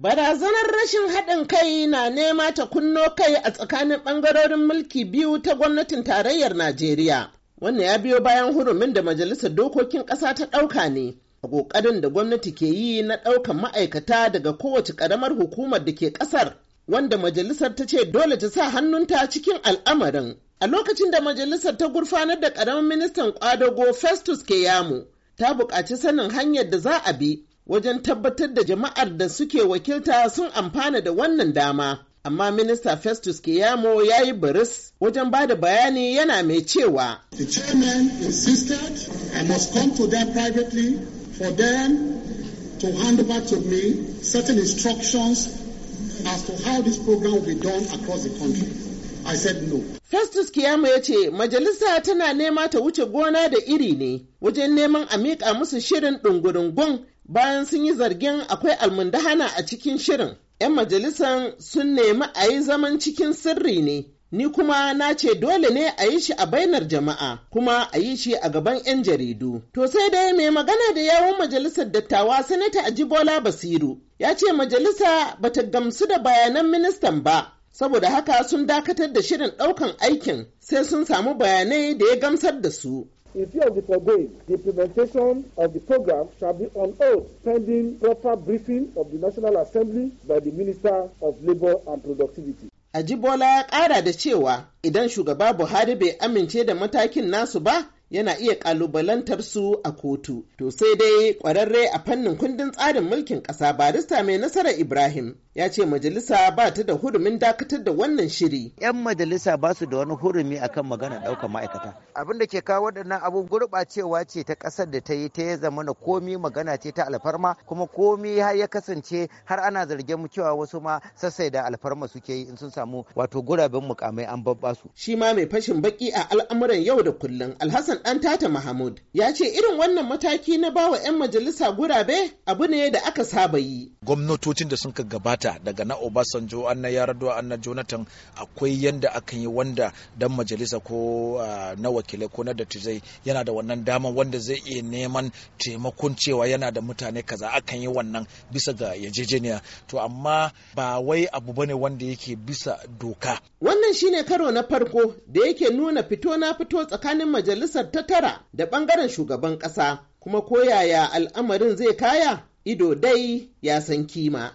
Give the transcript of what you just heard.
Barazanar rashin haɗin kai na nema ta kunno kai a tsakanin ɓangarorin mulki biyu ta gwamnatin tarayyar Najeriya. Wannan ya biyo bayan hurumin da Majalisar Dokokin Ƙasa ta ɗauka ne a ƙoƙarin da gwamnati ke yi na ɗaukan ma'aikata daga kowace ƙaramar hukumar da ke ƙasar, wanda majalisar ta ce dole ta sa hannunta cikin al'amarin. A lokacin da majalisar ta gurfanar da ƙaramin ministan ƙwadago Festus ke yamu ta buƙaci sanin hanyar da za a bi wajen tabbatar da jama'ar da suke wakilta sun amfana da wannan dama. Amma Minista Festus Kiyamo ya yi baris wajen ba da bayani yana mai cewa. The chairman insisted I must come to them privately for them to hand over to me certain instructions as to how this program will be done across the country. I said no. Festus Kiyama ya ce majalisa tana nema ta wuce gona da iri ne wajen neman a miƙa musu shirin ɗungurungun bayan sun yi zargin akwai almundahana a cikin shirin 'yan majalisan sun nemi a yi zaman cikin sirri ne ni kuma na ce dole ne a yi shi a bainar jama'a kuma a yi shi a gaban 'yan jaridu. To sai dai mai magana da yawon majalisar dattawa sanata Ajibola Basiru ya ce majalisa ba ta gamsu da bayanan ministan ba. Saboda haka sun dakatar da shirin ɗaukan aikin sai sun samu bayanai da ya gamsar da su. In view of the foregoing, the implementation of the program shall be on hold pending proper briefing of the National Assembly by the Minister of Labour and Productivity. Ajibola ya ƙara da cewa idan shugaba Buhari bai amince da matakin nasu ba, yana iya ƙalubalantar su a kotu. To sai dai ƙwararre a fannin kundin tsarin mulkin ƙasa barista mai nasarar Ibrahim ya ce majalisa ba ta da hurumin dakatar da wannan shiri. 'Yan majalisa ba su da wani hurumi akan magana ɗaukar ma'aikata. Abin da ke kawo waɗannan abun gurɓacewa ce ta ƙasar da ta yi ta ya zama na komi magana ce ta alfarma kuma komi har ya kasance har ana zargin mu cewa wasu ma sassai da alfarma suke yi in sun samu wato guraben mukamai an babba su. Shi ma mai fashin baki a al'amuran yau da kullum Alhassan ɗan tata Mahmud ya ce irin wannan mataki na bawa 'yan majalisa gurabe abu ne da aka saba yi. Gwamnatocin da sun ka gabata daga na obasanjo an na yar'adua an na jonathan akwai yanda aka yi wanda dan majalisa ko ah, na wakilai ko na dattijai yana da wannan dama wanda zai iya neman taimakon cewa yana da mutane kaza akan yi wannan bisa ga yajejeniya to amma ba wai abu bane wanda yake bisa doka wannan shine karo na farko da yake nuna fito na fito tsakanin majalisar ta tara da bangaren shugaban kasa kuma koyaya al'amarin zai kaya ido dai ya san kima